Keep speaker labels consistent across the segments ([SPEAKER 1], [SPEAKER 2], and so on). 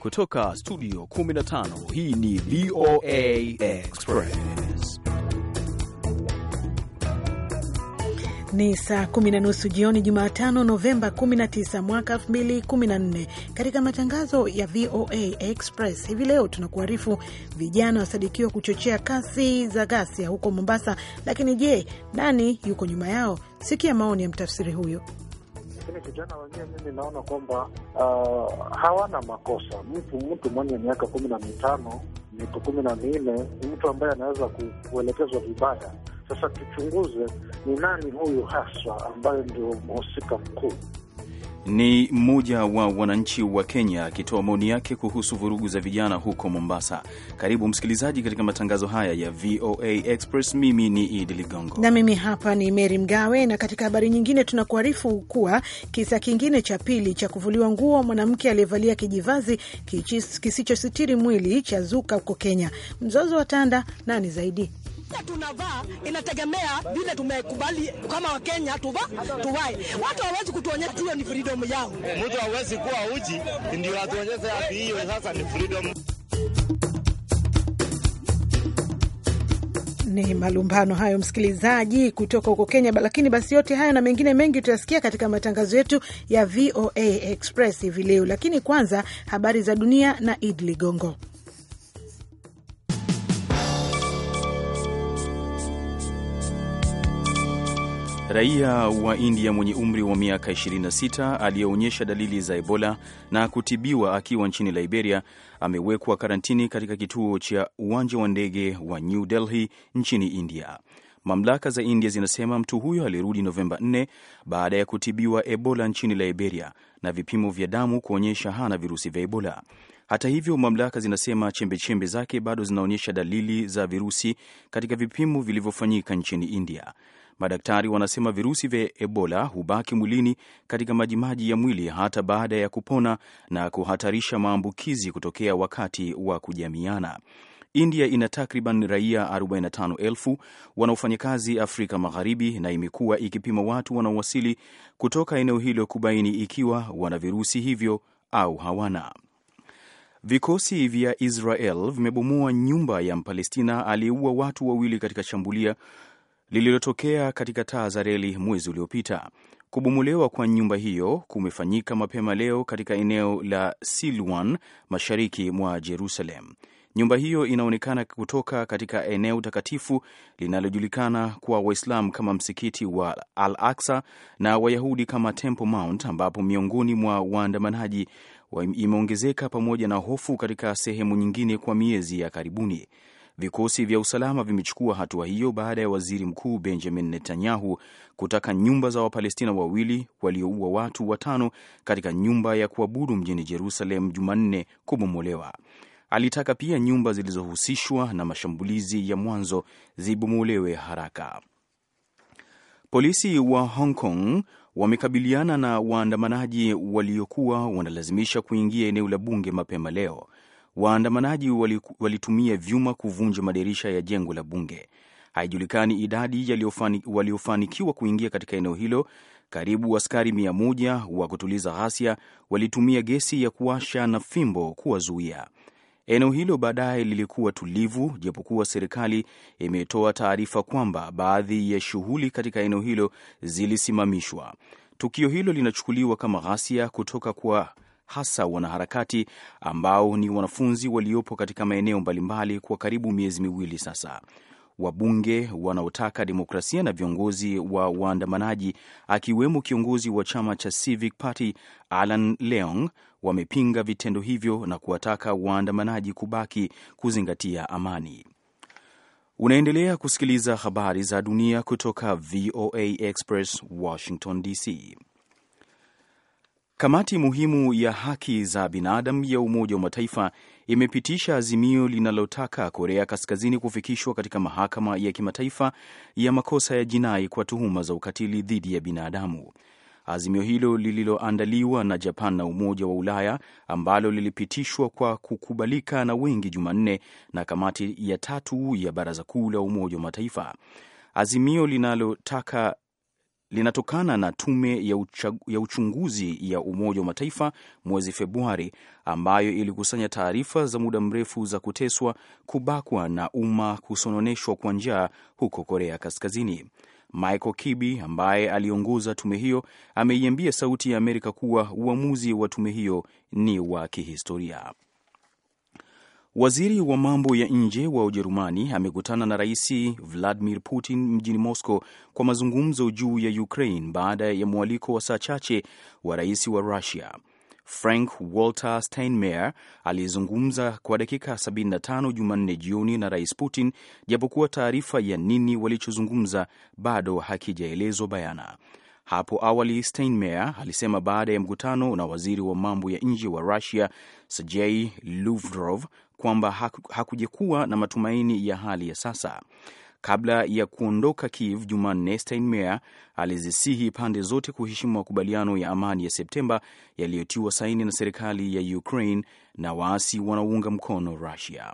[SPEAKER 1] Kutoka studio 15 hii ni VOA Express.
[SPEAKER 2] Ni saa kumi na nusu jioni Jumatano, Novemba 19 mwaka 2014. Katika matangazo ya VOA Express hivi leo tunakuarifu vijana wasadikiwa kuchochea kasi za ghasia huko Mombasa, lakini je, nani yuko nyuma yao? Sikia maoni ya mtafsiri huyo
[SPEAKER 3] lakini kijana wenyewe mimi naona kwamba uh, hawana makosa. Mtu mtu mwenye miaka kumi na mitano miaka kumi na minne ni mtu ambaye anaweza kuelekezwa vibaya. Sasa tuchunguze ni nani huyu haswa ambaye ndio mhusika mkuu
[SPEAKER 1] ni mmoja wa wananchi wa Kenya akitoa maoni yake kuhusu vurugu za vijana huko Mombasa. Karibu msikilizaji katika matangazo haya ya VOA Express. Mimi ni Idi Ligongo
[SPEAKER 2] na mimi hapa ni Meri Mgawe. Na katika habari nyingine, tunakuarifu kuwa kisa kingine cha pili cha kuvuliwa nguo mwanamke aliyevalia kijivazi kisichositiri mwili cha zuka huko Kenya. Mzozo wa tanda nani zaidi?
[SPEAKER 4] tunavaa inategemea vile tumekubali kama Wakenya tuva tuvae. Watu hawezi kutuonyesha hiyo ni freedom yao.
[SPEAKER 5] Mtu hawezi kuwa uji ndio atuonyeshe ati hiyo sasa ni freedom.
[SPEAKER 2] Ni malumbano hayo, msikilizaji, kutoka huko Kenya. Lakini basi yote hayo na mengine mengi tutasikia katika matangazo yetu ya VOA Express hivi leo, lakini kwanza habari za dunia na Id Ligongo.
[SPEAKER 1] Raia wa India mwenye umri wa miaka 26 aliyeonyesha dalili za Ebola na kutibiwa akiwa nchini Liberia amewekwa karantini katika kituo cha uwanja wa ndege wa New Delhi nchini India. Mamlaka za India zinasema mtu huyo alirudi Novemba 4 baada ya kutibiwa Ebola nchini Liberia na vipimo vya damu kuonyesha hana virusi vya Ebola. Hata hivyo, mamlaka zinasema chembechembe zake bado zinaonyesha dalili za virusi katika vipimo vilivyofanyika nchini India. Madaktari wanasema virusi vya Ebola hubaki mwilini katika majimaji ya mwili hata baada ya kupona na kuhatarisha maambukizi kutokea wakati wa kujamiana. India ina takriban raia 45,000 wanaofanya kazi Afrika Magharibi na imekuwa ikipima watu wanaowasili kutoka eneo hilo kubaini ikiwa wana virusi hivyo au hawana. Vikosi vya Israel vimebomoa nyumba ya Mpalestina aliyeua watu wawili katika shambulia lililotokea katika taa za reli mwezi uliopita. Kubomolewa kwa nyumba hiyo kumefanyika mapema leo katika eneo la Silwan mashariki mwa Jerusalem. Nyumba hiyo inaonekana kutoka katika eneo takatifu linalojulikana kwa Waislamu kama msikiti wa Al Aksa na Wayahudi kama Temple Mount, ambapo miongoni mwa waandamanaji imeongezeka pamoja na hofu katika sehemu nyingine kwa miezi ya karibuni. Vikosi vya usalama vimechukua hatua hiyo baada ya waziri mkuu Benjamin Netanyahu kutaka nyumba za Wapalestina wawili walioua watu watano katika nyumba ya kuabudu mjini Jerusalem Jumanne kubomolewa. Alitaka pia nyumba zilizohusishwa na mashambulizi ya mwanzo zibomolewe haraka. Polisi wa Hong Kong wamekabiliana na waandamanaji waliokuwa wanalazimisha kuingia eneo la bunge mapema leo. Waandamanaji walitumia vyuma kuvunja madirisha ya jengo la bunge. Haijulikani idadi waliofanikiwa kuingia katika eneo hilo. Karibu askari mia moja wa kutuliza ghasia walitumia gesi ya kuwasha na fimbo kuwazuia. Eneo hilo baadaye lilikuwa tulivu, japokuwa serikali imetoa taarifa kwamba baadhi ya shughuli katika eneo hilo zilisimamishwa. Tukio hilo linachukuliwa kama ghasia kutoka kwa hasa wanaharakati ambao ni wanafunzi waliopo katika maeneo mbalimbali kwa karibu miezi miwili sasa. Wabunge wanaotaka demokrasia na viongozi wa waandamanaji akiwemo kiongozi wa chama cha Civic Party Alan Leong wamepinga vitendo hivyo na kuwataka waandamanaji kubaki kuzingatia amani. Unaendelea kusikiliza habari za dunia kutoka VOA Express, Washington DC. Kamati muhimu ya haki za binadamu ya Umoja wa Mataifa imepitisha azimio linalotaka Korea Kaskazini kufikishwa katika mahakama ya kimataifa ya makosa ya jinai kwa tuhuma za ukatili dhidi ya binadamu. Azimio hilo lililoandaliwa na Japan na Umoja wa Ulaya ambalo lilipitishwa kwa kukubalika na wengi Jumanne na kamati ya tatu ya Baraza Kuu la Umoja wa Mataifa. Azimio linalotaka linatokana na tume ya, ucha, ya uchunguzi ya Umoja wa Mataifa mwezi Februari ambayo ilikusanya taarifa za muda mrefu za kuteswa, kubakwa na umma kusononeshwa kwa njaa huko Korea Kaskazini. Michael Kibi ambaye aliongoza tume hiyo ameiambia Sauti ya Amerika kuwa uamuzi wa tume hiyo ni wa kihistoria. Waziri wa mambo ya nje wa Ujerumani amekutana na Rais Vladimir Putin mjini Moscow kwa mazungumzo juu ya Ukraine baada ya mwaliko wa saa chache wa rais wa Russia. Frank Walter Steinmeier alizungumza kwa dakika 75 Jumanne jioni na Rais Putin, japokuwa taarifa ya nini walichozungumza bado hakijaelezwa bayana. Hapo awali Steinmeier alisema baada ya mkutano na waziri wa mambo ya nje wa Russia Sergei Lavrov kwamba hakujekuwa na matumaini ya hali ya sasa. Kabla ya kuondoka Kiev Jumanne, Steinmeier alizisihi pande zote kuheshimu makubaliano ya amani ya Septemba yaliyotiwa saini na serikali ya Ukraine na waasi wanaounga mkono Rusia.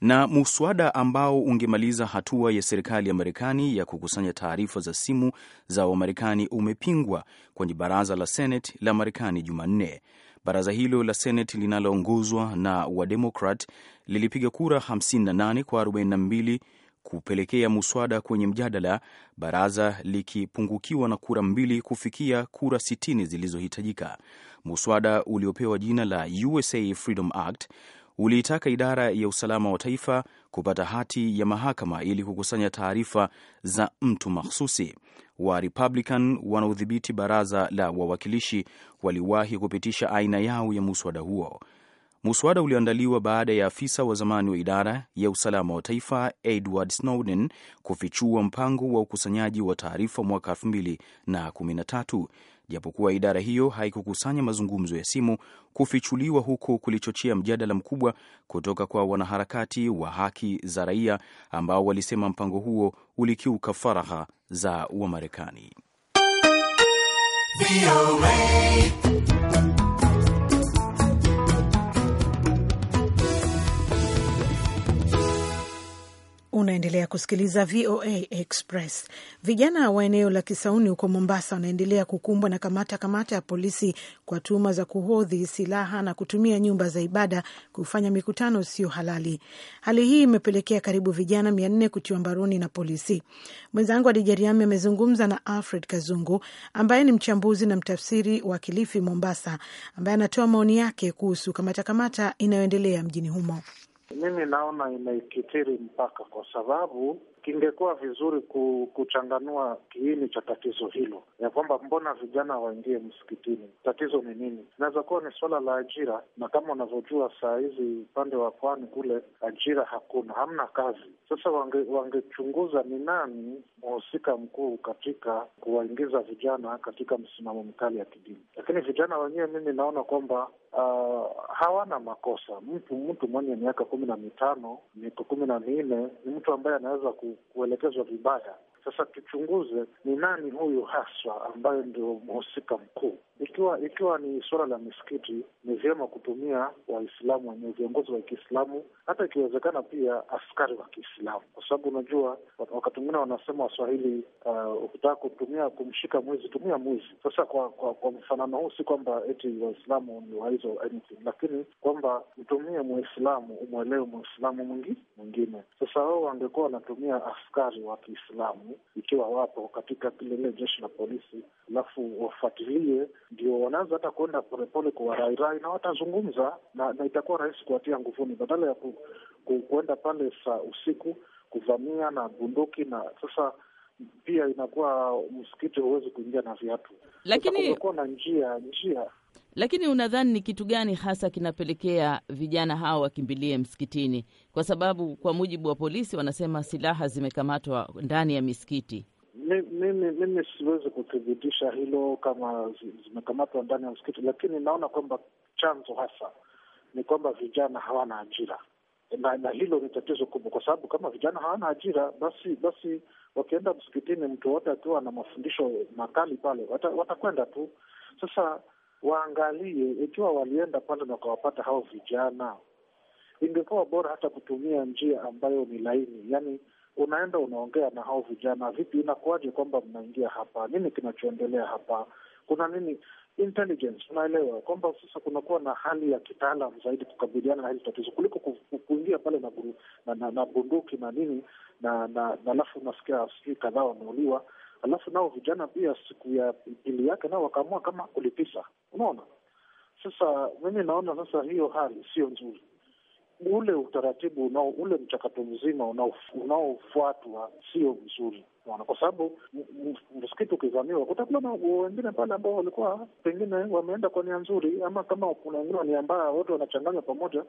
[SPEAKER 1] Na muswada ambao ungemaliza hatua ya serikali ya Marekani ya kukusanya taarifa za simu za Wamarekani umepingwa kwenye baraza la Seneti la Marekani Jumanne. Baraza hilo la Seneti linaloongozwa na Wademokrat lilipiga kura 58 kwa 42 kupelekea muswada kwenye mjadala, baraza likipungukiwa na kura mbili kufikia kura 60 zilizohitajika. Muswada uliopewa jina la USA Freedom Act uliitaka idara ya usalama wa taifa kupata hati ya mahakama ili kukusanya taarifa za mtu mahsusi wa Republican wanaodhibiti baraza la wawakilishi waliwahi kupitisha aina yao ya muswada huo. Muswada ulioandaliwa baada ya afisa wa zamani wa idara ya usalama wa taifa Edward Snowden kufichua mpango wa ukusanyaji wa taarifa mwaka 2013 japokuwa idara hiyo haikukusanya mazungumzo ya simu. Kufichuliwa huku kulichochea mjadala mkubwa kutoka kwa wanaharakati wa haki za raia ambao walisema mpango huo ulikiuka faragha za Wamarekani.
[SPEAKER 2] Unaendelea kusikiliza VOA Express. Vijana wa eneo la Kisauni huko Mombasa wanaendelea kukumbwa na kamata kamata ya polisi kwa tuhuma za kuhodhi silaha na kutumia nyumba za ibada kufanya mikutano isiyo halali. Hali hii imepelekea karibu vijana mia nne kutiwa mbaroni na polisi. Mwenzangu adijariami amezungumza na Alfred Kazungu ambaye ni mchambuzi na mtafsiri wa Kilifi Mombasa, ambaye anatoa maoni yake kuhusu kamata kamata inayoendelea mjini humo.
[SPEAKER 3] Mimi naona inaikithiri mpaka, kwa sababu kingekuwa vizuri kuchanganua kiini cha tatizo hilo, ya kwamba mbona vijana waingie msikitini, tatizo ni nini? Inaweza kuwa ni suala la ajira, na kama unavyojua saa hizi upande wa pwani kule ajira hakuna, hamna kazi. Sasa wangechunguza wange ni nani mhusika mkuu katika kuwaingiza vijana katika msimamo mkali ya kidini, lakini vijana wenyewe mimi naona kwamba Uh, hawana makosa. Mtu mtu mwenye miaka kumi na mitano miko kumi na minne ni mtu ambaye anaweza ku, kuelekezwa vibaya sasa tuchunguze ni nani huyu haswa ambaye ndio mhusika mkuu. Ikiwa ikiwa ni suala la misikiti, ni vyema kutumia Waislamu wenye viongozi wa Kiislamu, hata ikiwezekana pia askari wa Kiislamu, kwa sababu unajua wakati mwingine wanasema Waswahili, uh, ukitaka kutumia kumshika mwizi tumia mwizi. Sasa kwa kwa, kwa mfanano huu si kwamba eti Waislamu ni waizo anything, lakini kwamba mtumie Mwislamu, umwelewe Mwislamu mwingine. Sasa wao wangekuwa wanatumia askari wa Kiislamu ikiwa wapo katika lile jeshi la polisi, alafu wafuatilie, ndio wanaanza hata kuenda polepole kuwarairai na watazungumza na, na itakuwa rahisi kuwatia nguvuni badala ya ku, ku, kuenda pale saa usiku kuvamia na bunduki na sasa pia inakuwa msikiti huwezi kuingia na viatu. Lakini na njia njia
[SPEAKER 6] lakini unadhani ni kitu gani hasa kinapelekea vijana hawa wakimbilie msikitini? Kwa sababu kwa mujibu wa polisi wanasema silaha zimekamatwa ndani ya misikiti.
[SPEAKER 3] Mimi mi, siwezi kuthibitisha hilo kama zimekamatwa ndani ya msikiti, lakini naona kwamba chanzo hasa ni kwamba vijana hawana ajira na, na hilo ni tatizo kubwa, kwa sababu kama vijana hawana ajira, basi basi wakienda msikitini, mtu wote akiwa na mafundisho makali pale watakwenda wata tu. Sasa waangalie ikiwa walienda pale na wakawapata hao vijana, ingekuwa bora hata kutumia njia ambayo ni laini, yani unaenda unaongea na hao vijana, vipi, inakuwaje kwamba mnaingia hapa, nini kinachoendelea hapa, kuna nini intelligence unaelewa kwamba sasa kunakuwa na hali ya kitaalam zaidi kukabiliana na hili tatizo kuliko kuingia pale na, na, na, na bunduki na nini na alafu na, na unasikia sijui kadhaa wameuliwa alafu nao vijana pia siku ya pili yake nao wakaamua kama kulipisa Unaona, sasa mimi naona sasa hiyo hali sio nzuri. Ule utaratibu unao, ule mchakato mzima unaofuatwa sio mzuri, unaona, kwa sababu msikiti ukivamiwa, kutakuwa na wengine pale ambao walikuwa pengine wameenda kwa nia nzuri, ama kama kuna wengine nia mbaya, wote wanachanganywa pamoja,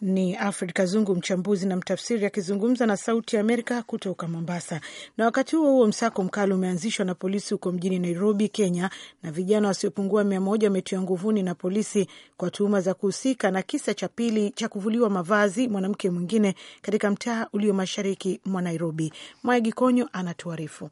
[SPEAKER 2] ni Alfred Kazungu, mchambuzi na mtafsiri, akizungumza na Sauti ya Amerika kutoka Mombasa. Na wakati huo huo, msako mkali umeanzishwa na polisi huko mjini Nairobi, Kenya, na vijana wasiopungua mia moja wametiwa nguvuni na polisi kwa tuhuma za kuhusika na kisa cha pili cha kuvuliwa mavazi mwanamke mwingine katika mtaa ulio mashariki mwa Nairobi. Mwaegi Konyo anatuarifu.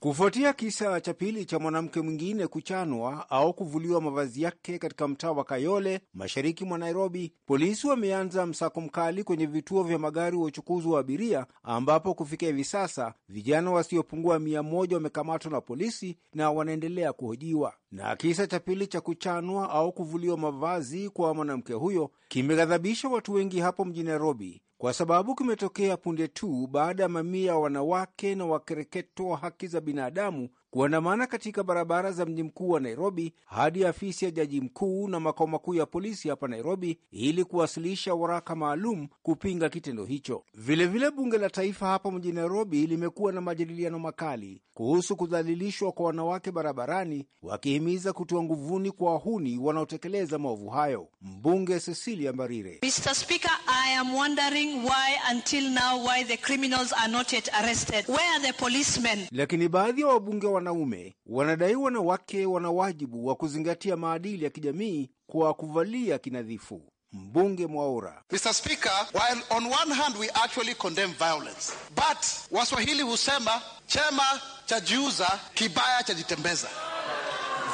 [SPEAKER 7] Kufuatia kisa cha pili cha mwanamke mwingine kuchanwa au kuvuliwa mavazi yake katika mtaa wa Kayole, mashariki mwa Nairobi, polisi wameanza msako mkali kwenye vituo vya magari wa uchukuzi wa abiria, ambapo kufikia hivi sasa vijana wasiopungua mia moja wamekamatwa na polisi na wanaendelea kuhojiwa. Na kisa cha pili cha kuchanwa au kuvuliwa mavazi kwa mwanamke huyo kimeghadhabisha watu wengi hapo mjini Nairobi, kwa sababu kimetokea punde tu baada ya mamia ya wanawake na wakereketo wa haki za binadamu kuandamana katika barabara za mji mkuu wa Nairobi hadi afisi ya jaji mkuu na makao makuu ya polisi hapa Nairobi ili kuwasilisha waraka maalum kupinga kitendo hicho. Vilevile vile bunge la taifa hapa mjini Nairobi limekuwa na majadiliano makali kuhusu kudhalilishwa kwa wanawake barabarani, wakihimiza kutoa nguvuni kwa wahuni wanaotekeleza maovu hayo. Mbunge Cecilia Mbarire:
[SPEAKER 2] Mr. Speaker, I am wondering why until now why the criminals are not yet arrested. Where are the policemen?
[SPEAKER 7] Lakini baadhi ya wabunge wa wanaume wanadaiwa na wake wana wajibu wa kuzingatia maadili ya kijamii kwa kuvalia kinadhifu. Mbunge Mwaura: Mr Speaker, while on one hand we actually condemn violence but Waswahili husema chema cha jiuza kibaya cha jitembeza.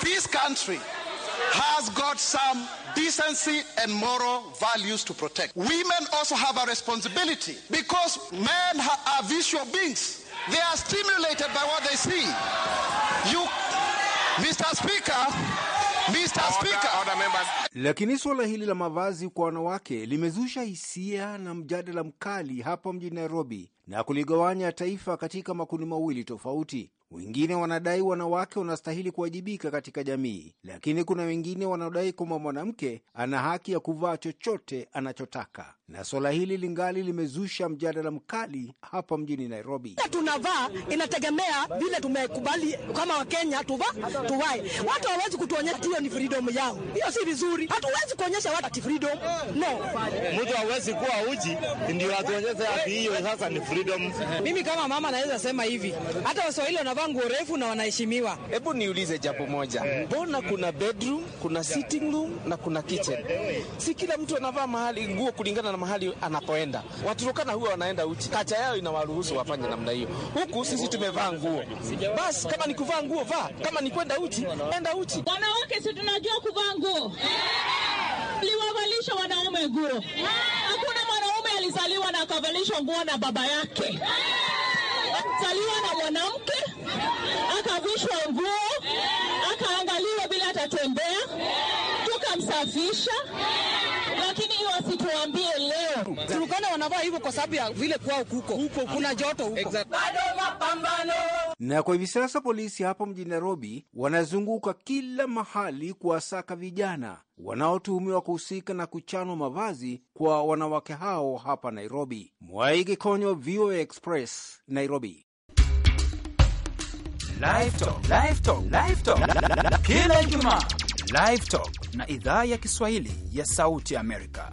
[SPEAKER 7] This country has got some decency and moral values to protect. Women also have a responsibility because men are visual beings. They are stimulated by what they see. You, Mr. Speaker, Mr. Speaker. Order, order lakini suala hili la mavazi kwa wanawake limezusha hisia na mjadala mkali hapa mjini Nairobi na kuligawanya taifa katika makundi mawili tofauti. Wengine wanadai wanawake wanastahili kuwajibika katika jamii, lakini kuna wengine wanaodai kwamba mwanamke ana haki ya kuvaa chochote anachotaka na swala hili lingali limezusha mjadala mkali hapa mjini Nairobi.
[SPEAKER 4] Tunavaa inategemea vile tumekubali kama Wakenya tuva tuvae. Watu hawawezi kutuonyesha hiyo ni freedom yao, hiyo si vizuri. Hatuwezi kuonyesha watu ati freedom no, mtu hawezi kuwa
[SPEAKER 5] uji ndio atuonyeshe ati hiyo sasa ni freedom.
[SPEAKER 4] Mimi kama mama naweza sema hivi, hata Waswahili wanavaa nguo refu na wanaheshimiwa.
[SPEAKER 7] Hebu niulize japo moja, mbona kuna bedroom, kuna sitting room na kuna kitchen? Si kila mtu anavaa mahali nguo kulingana na mahali anapoenda. Waturukana huwa wanaenda uchi, kacha yao inawaruhusu wafanye namna hiyo. Huku sisi tumevaa nguo, basi kama ni kuvaa nguo vaa, kama ni kwenda uchi enda uchi. Wanawake si tunajua kuvaa nguo, liwavalisha wanaume
[SPEAKER 6] nguo. Hakuna mwanaume alizaliwa na akavalishwa nguo na baba yake
[SPEAKER 8] alizaliwa na mwanamke akavishwa nguo akaangaliwa bila atatembea, tukamsafisha
[SPEAKER 4] tuambie leo Turukana wanavaa hivyo kwa sababu ya vile kwao kuko huko kuna joto huko exactly. Bado mapambano.
[SPEAKER 7] Na kwa hivi sasa polisi hapo mjini Nairobi wanazunguka kila mahali kuwasaka vijana wanaotuhumiwa kuhusika na kuchanwa mavazi kwa wanawake hao hapa Nairobi. Mwaige Konyo, VOA Express, Nairobi. Live Talk, Live Talk, Live Talk.
[SPEAKER 5] Kila Ijumaa Live Talk na idhaa ya Kiswahili ya Sauti Amerika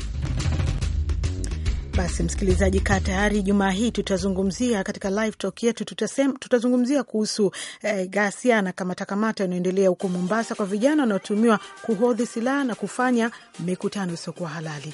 [SPEAKER 5] Basi
[SPEAKER 2] msikilizaji, kaa tayari. Jumaa hii tutazungumzia katika live talk yetu, tutazungumzia kuhusu eh, ghasia na kamatakamata inayoendelea huko Mombasa kwa vijana wanaotumiwa kuhodhi silaha na kufanya mikutano isiokuwa halali.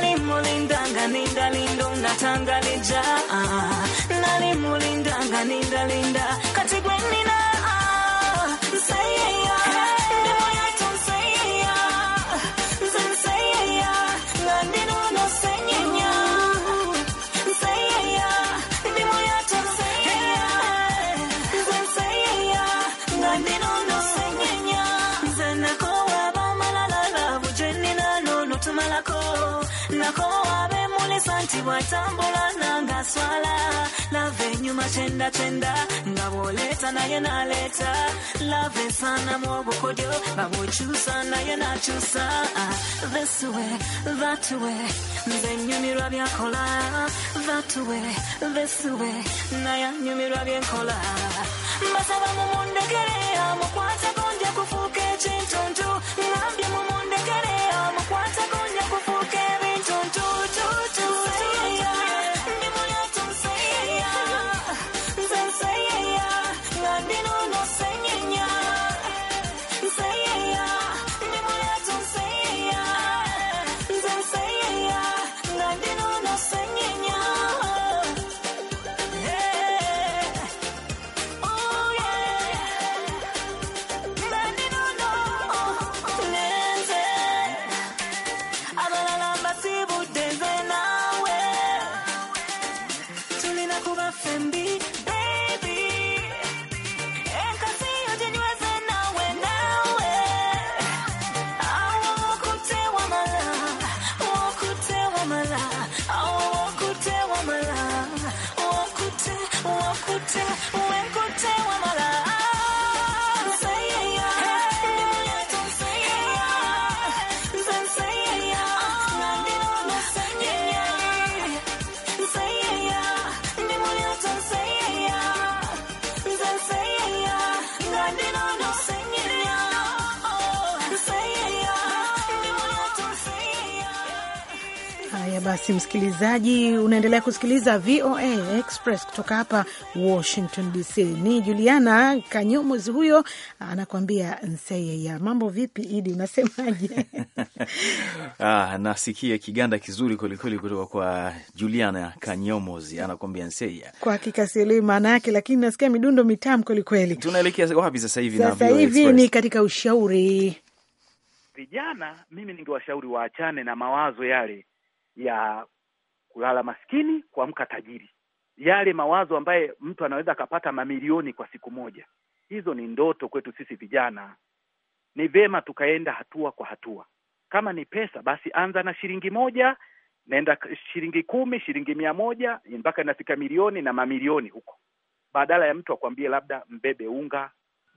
[SPEAKER 8] nani mulindanga ningalindonga tangalija nani mulindanga nindalinda katigweni nako abe mulisantibwa etambula nanga swala lava enyuma kyendakenda nga bw'oleeta naye n'aleeta lava esaanamu obukodyo nga bw'okyusa naye n'akyusa this way that way nze nyumirwa byakola that way this way naye nyumirwa byenkola mbasaba mumundekere amukwata
[SPEAKER 2] Haya basi, msikilizaji, unaendelea kusikiliza VOA Express kutoka hapa Washington DC. Ni Juliana Kanyomozi huyo anakuambia nseye ya mambo. Vipi Idi, unasemaje?
[SPEAKER 1] Ah, nasikia kiganda kizuri kwelikweli kutoka kwa Juliana Kanyomozi anakuambia nseya
[SPEAKER 2] kwa hakika sielewi maana yake, lakini nasikia midundo mitamu kwelikweli.
[SPEAKER 5] Tunaelekea wapi sasa hivi? Sasa hivi ni
[SPEAKER 2] katika ushauri
[SPEAKER 5] vijana. Mimi ningewashauri waachane na mawazo yale ya kulala maskini, kuamka tajiri, yale mawazo ambaye mtu anaweza akapata mamilioni kwa siku moja. Hizo ni ndoto kwetu sisi vijana. Ni vema tukaenda hatua kwa hatua. Kama ni pesa, basi anza na shilingi moja, naenda shilingi kumi, shilingi mia moja mpaka inafika milioni na mamilioni huko, badala ya mtu akwambie labda mbebe unga,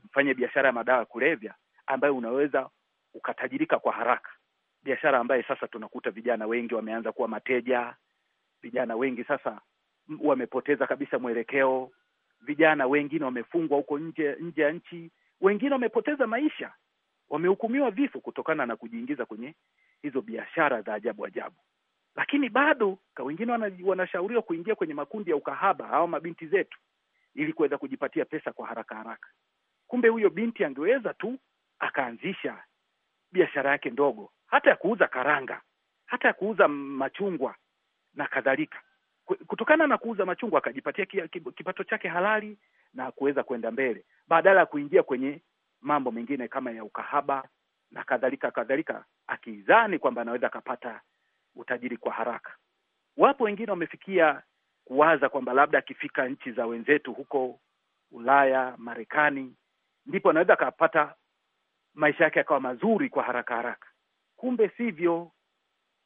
[SPEAKER 5] mfanye biashara ya madawa ya kulevya ambayo unaweza ukatajirika kwa haraka biashara ambaye sasa tunakuta vijana wengi wameanza kuwa mateja, vijana wengi sasa wamepoteza kabisa mwelekeo, vijana wengine wamefungwa huko nje nje ya nchi, wengine wamepoteza maisha, wamehukumiwa vifo kutokana na kujiingiza kwenye hizo biashara za ajabu ajabu. Lakini bado ka wengine wanashauriwa kuingia kwenye makundi ya ukahaba, hawa mabinti zetu, ili kuweza kujipatia pesa kwa haraka haraka. Kumbe huyo binti angeweza tu akaanzisha biashara yake ndogo hata ya kuuza karanga, hata ya kuuza machungwa na kadhalika. Kutokana na kuuza machungwa akajipatia kipato chake halali na kuweza kwenda mbele, badala ya kuingia kwenye mambo mengine kama ya ukahaba na kadhalika kadhalika, akizani kwamba anaweza akapata utajiri kwa haraka. Wapo wengine wamefikia kuwaza kwamba labda akifika nchi za wenzetu huko Ulaya, Marekani, ndipo anaweza akapata maisha yake yakawa mazuri kwa haraka haraka. Kumbe sivyo,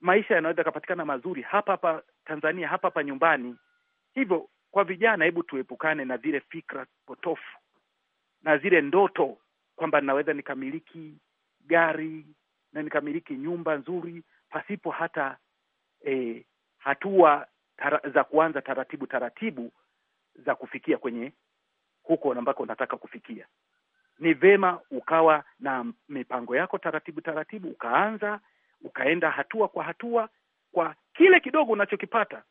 [SPEAKER 5] maisha yanaweza yakapatikana mazuri hapa hapa Tanzania, hapa hapa nyumbani. Hivyo kwa vijana, hebu tuepukane na zile fikra potofu na zile ndoto kwamba ninaweza nikamiliki gari na nikamiliki nyumba nzuri pasipo hata eh, hatua tara, za kuanza taratibu taratibu za kufikia kwenye huko ambako nataka kufikia ni vema ukawa na mipango yako taratibu taratibu, ukaanza ukaenda hatua kwa hatua, kwa kile kidogo unachokipata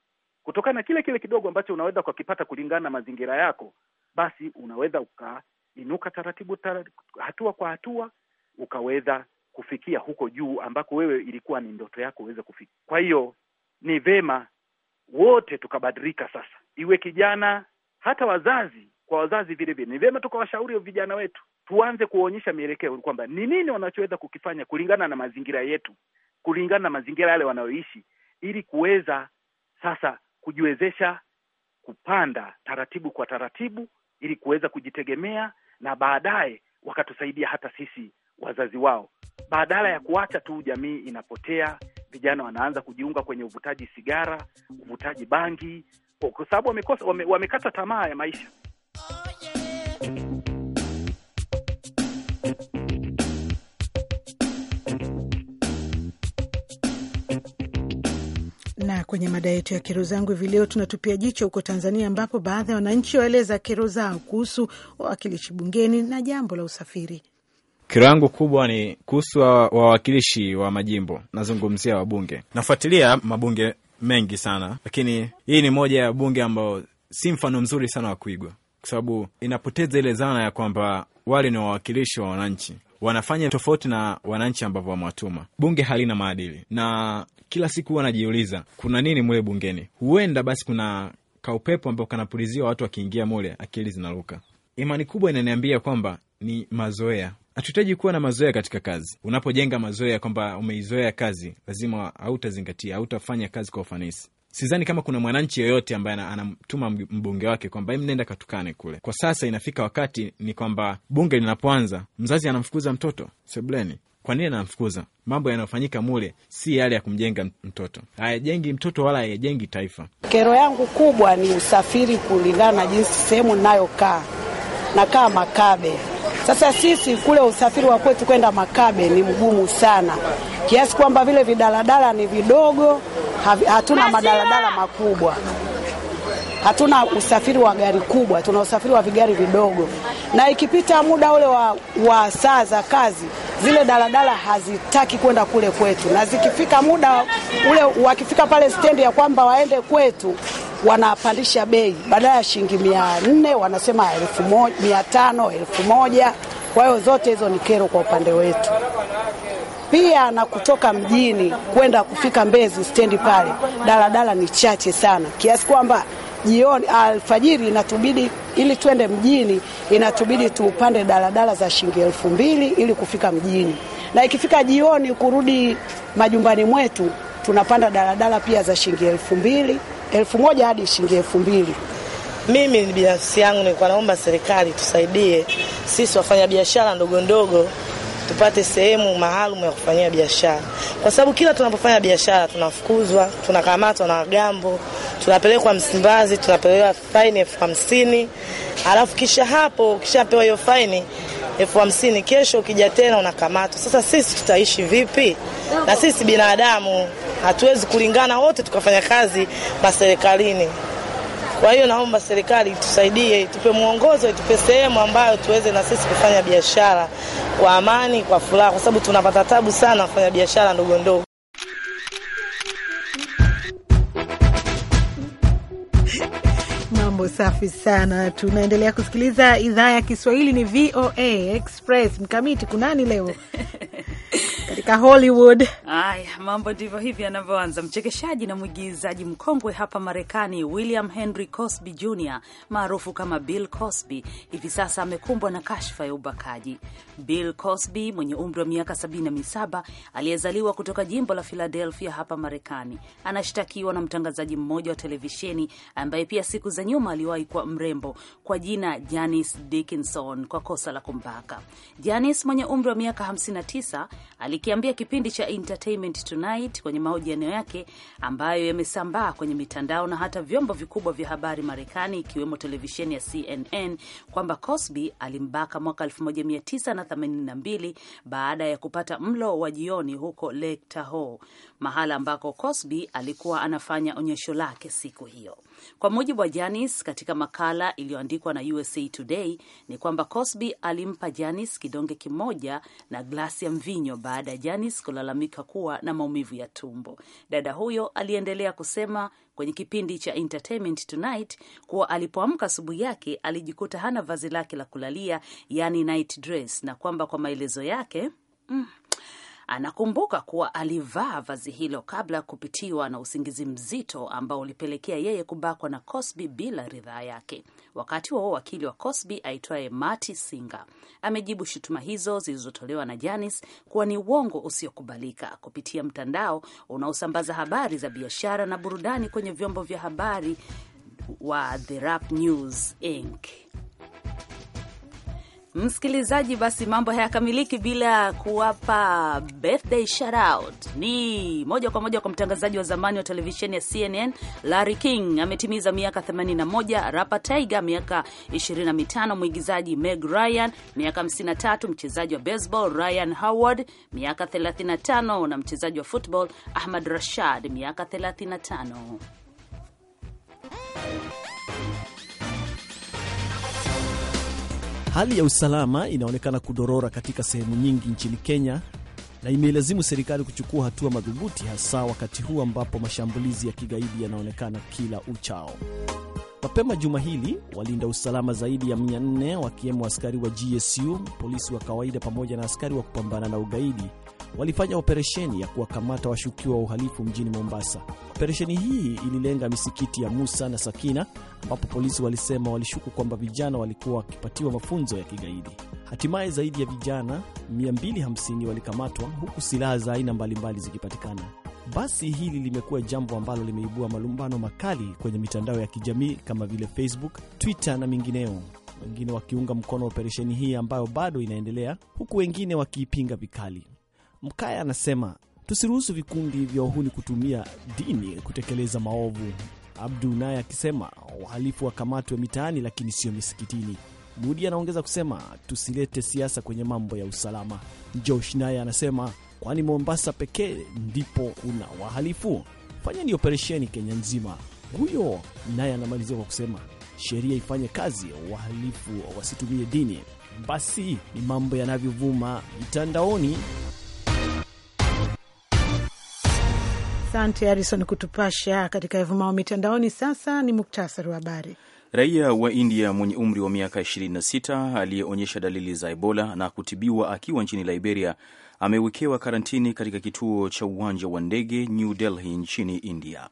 [SPEAKER 5] kutokana na kile kile kidogo ambacho unaweza kukipata kulingana na mazingira yako, basi unaweza ukainuka taratibu, taratibu hatua kwa hatua ukaweza kufikia huko juu ambako wewe ilikuwa ni ndoto yako uweze kufika. Kwa hiyo ni vema wote tukabadilika sasa, iwe kijana hata wazazi. Kwa wazazi vile vile ni vema tukawashauri vijana wetu tuanze kuonyesha mielekeo kwamba ni nini wanachoweza kukifanya kulingana na mazingira yetu, kulingana na mazingira yale wanayoishi, ili kuweza sasa kujiwezesha kupanda taratibu kwa taratibu, ili kuweza kujitegemea na baadaye wakatusaidia hata sisi wazazi wao, badala ya kuacha tu jamii inapotea, vijana wanaanza kujiunga kwenye uvutaji sigara, uvutaji bangi, kwa sababu wamekosa wame, wamekata tamaa ya maisha.
[SPEAKER 2] Kwenye mada yetu ya kero zangu hivi leo, tunatupia jicho huko Tanzania, ambapo baadhi ya wananchi waeleza kero zao kuhusu wawakilishi bungeni na jambo la usafiri.
[SPEAKER 1] Kero yangu kubwa ni kuhusu wawakilishi wa majimbo, nazungumzia wabunge. Nafuatilia mabunge mengi sana, lakini hii ni moja ya bunge ambayo si mfano mzuri sana wa kuigwa, kwa sababu inapoteza ile zana ya kwamba wale ni wawakilishi wa wananchi wanafanya tofauti na wananchi ambavyo wamewatuma. Bunge halina maadili, na kila siku huwa najiuliza kuna nini mule bungeni. Huenda basi kuna kaupepo ambao kanapuliziwa, watu wakiingia mule akili zinaruka. Imani kubwa inaniambia kwamba ni mazoea. Hatuhitaji kuwa na mazoea katika kazi. Unapojenga mazoea kwamba umeizoea kazi, lazima hautazingatia, hautafanya kazi kwa ufanisi sizani kama kuna mwananchi yoyote ambaye anamtuma mbunge wake kwamba nenda katukane kule. Kwa sasa inafika wakati ni kwamba bunge linapoanza, mzazi anamfukuza mtoto sebuleni. Kwa nini anamfukuza? Mambo yanayofanyika mule si yale ya kumjenga mtoto, hayajengi mtoto wala hayajengi
[SPEAKER 4] taifa. Kero yangu kubwa ni usafiri, kulingana na jinsi sehemu ninayokaa, nakaa Makabe. Sasa sisi kule usafiri wa kwetu kwenda Makabe ni mgumu sana, kiasi kwamba vile vidaladala ni vidogo hatuna madaladala makubwa, hatuna usafiri wa gari kubwa, tuna usafiri wa vigari vidogo, na ikipita muda ule wa, wa saa za kazi zile daladala hazitaki kwenda kule kwetu, na zikifika muda ule, wakifika pale stendi ya kwamba waende kwetu, wanapandisha bei, badala ya shilingi mia nne wanasema elfu moja mia tano elfu moja Kwa hiyo zote hizo ni kero kwa upande wetu pia na kutoka mjini kwenda kufika Mbezi stendi pale, daladala ni chache sana kiasi kwamba jioni alfajiri inatubidi ili twende mjini inatubidi tuupande daladala za shilingi elfu mbili ili kufika mjini, na ikifika jioni kurudi majumbani mwetu tunapanda daladala pia za shilingi elfu mbili elfu moja hadi shilingi elfu mbili. Mimi binafsi yangu nilikuwa naomba serikali tusaidie sisi biashara ndogo ndogo tupate sehemu maalum ya kufanyia biashara, kwa sababu kila tunapofanya biashara tunafukuzwa, tunakamatwa na wagambo, tunapelekwa Msimbazi, tunapelekwa faini elfu hamsini alafu kisha hapo ukishapewa hiyo faini elfu hamsini kesho ukija tena unakamatwa. Sasa sisi tutaishi vipi? Na sisi binadamu hatuwezi kulingana wote tukafanya kazi maserikalini. Kwa hiyo naomba serikali itusaidie, itupe mwongozo, itupe sehemu ambayo tuweze na sisi kufanya biashara kwa amani, kwa furaha, kwa sababu tunapata tabu sana kufanya biashara ndogo ndogo.
[SPEAKER 2] Mambo safi sana. Tunaendelea kusikiliza idhaa ya Kiswahili, ni VOA Express. Mkamiti kunani leo? katika Hollywood.
[SPEAKER 6] Haya, mambo ndivyo hivi yanavyoanza. Mchekeshaji na mwigizaji mkongwe hapa Marekani, William Henry Cosby Jr maarufu kama Bill Cosby, hivi sasa amekumbwa na kashfa ya ubakaji. Bill Cosby mwenye umri wa miaka 77 aliyezaliwa kutoka jimbo la Philadelphia hapa Marekani anashtakiwa na mtangazaji mmoja wa televisheni ambaye pia siku za nyuma aliwahi kuwa mrembo kwa jina Janice Dickinson kwa kosa la kumbaka. Janice mwenye umri wa miaka 59 alikiambia kipindi cha Entertainment Tonight kwenye mahojiano yake ambayo yamesambaa kwenye mitandao na hata vyombo vikubwa vya habari Marekani ikiwemo televisheni ya CNN kwamba Cosby alimbaka mwaka 1982 baada ya kupata mlo wa jioni huko Lake Tahoe mahala ambako Cosby alikuwa anafanya onyesho lake siku hiyo. Kwa mujibu wa Janis katika makala iliyoandikwa na USA Today ni kwamba Cosby alimpa Janis kidonge kimoja na glasi ya mvinyo baada ya Janis kulalamika kuwa na maumivu ya tumbo. Dada huyo aliendelea kusema kwenye kipindi cha Entertainment Tonight kuwa alipoamka asubuhi yake alijikuta hana vazi lake la kulalia, yani night dress, na kwamba kwa maelezo yake mm, Anakumbuka kuwa alivaa vazi hilo kabla ya kupitiwa na usingizi mzito ambao ulipelekea yeye kubakwa na Cosby bila ridhaa yake. Wakati huo wakili wa Cosby aitwaye Marty Singer amejibu shutuma hizo zilizotolewa na Janis kuwa ni uongo usiokubalika kupitia mtandao unaosambaza habari za biashara na burudani kwenye vyombo vya habari wa The Rap News Inc. Msikilizaji, basi mambo hayakamiliki bila kuwapa birthday shoutout. Ni moja kwa moja kwa mtangazaji wa zamani wa televisheni ya CNN Larry King, ametimiza miaka 81, rapa Tiger miaka 25, mwigizaji Meg Ryan miaka 53, mchezaji wa baseball Ryan Howard miaka 35, na mchezaji wa football Ahmad Rashad miaka 35.
[SPEAKER 9] Hali ya usalama inaonekana kudorora katika sehemu nyingi nchini Kenya na imeilazimu serikali kuchukua hatua madhubuti, hasa wakati huu ambapo mashambulizi ya kigaidi yanaonekana kila uchao. Mapema juma hili walinda usalama zaidi ya 400 wakiwemo askari wa GSU, polisi wa kawaida, pamoja na askari wa kupambana na ugaidi walifanya operesheni ya kuwakamata washukiwa wa uhalifu mjini Mombasa. Operesheni hii ililenga misikiti ya Musa na Sakina, ambapo polisi walisema walishuku kwamba vijana walikuwa wakipatiwa mafunzo ya kigaidi. Hatimaye zaidi ya vijana 250 walikamatwa huku silaha za aina mbalimbali zikipatikana. Basi hili limekuwa jambo ambalo limeibua malumbano makali kwenye mitandao ya kijamii kama vile Facebook, Twitter na mingineo, wengine wakiunga mkono operesheni hii ambayo bado inaendelea, huku wengine wakiipinga vikali. Mkaya anasema tusiruhusu vikundi vya wahuni kutumia dini kutekeleza maovu. Abdu naye akisema wahalifu wakamatwe mitaani, lakini sio misikitini. Mudi anaongeza kusema tusilete siasa kwenye mambo ya usalama. Josh naye anasema kwani Mombasa pekee ndipo una wahalifu? Fanyeni operesheni Kenya nzima. Huyo naye anamalizia kwa kusema sheria ifanye kazi, wahalifu wasitumie dini. Basi ni mambo yanavyovuma mtandaoni
[SPEAKER 2] Asante Harison kutupasha katika Yavumao Mitandaoni. Sasa ni muktasari wa habari.
[SPEAKER 1] Raia wa India mwenye umri wa miaka 26 aliyeonyesha dalili za Ebola na kutibiwa akiwa nchini Liberia amewekewa karantini katika kituo cha uwanja wa ndege New Delhi nchini India.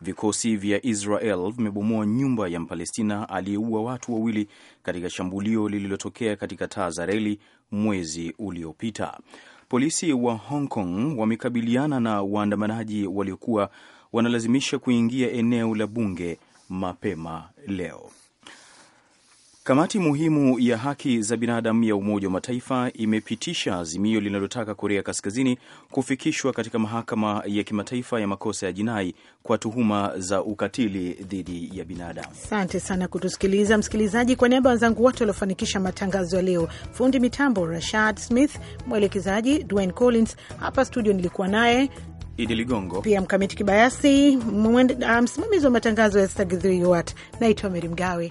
[SPEAKER 1] Vikosi vya Israel vimebomoa nyumba ya Mpalestina aliyeua watu wawili katika shambulio lililotokea katika taa za reli mwezi uliopita. Polisi wa Hong Kong wamekabiliana na waandamanaji waliokuwa wanalazimisha kuingia eneo la bunge mapema leo. Kamati muhimu ya haki za binadamu ya Umoja wa Mataifa imepitisha azimio linalotaka Korea Kaskazini kufikishwa katika mahakama ya kimataifa ya makosa ya jinai kwa tuhuma za ukatili dhidi ya binadamu.
[SPEAKER 2] Asante sana kutusikiliza msikilizaji. Kwa niaba ya wenzangu wote waliofanikisha matangazo ya leo, fundi mitambo Rashad Smith, mwelekezaji Dwayne Collins, hapa studio nilikuwa naye
[SPEAKER 1] Idi Ligongo, pia
[SPEAKER 2] Mkamiti Kibayasi, ah, msimamizi um, wa matangazo ya Stagidhiwat. Naitwa Meri Mgawe.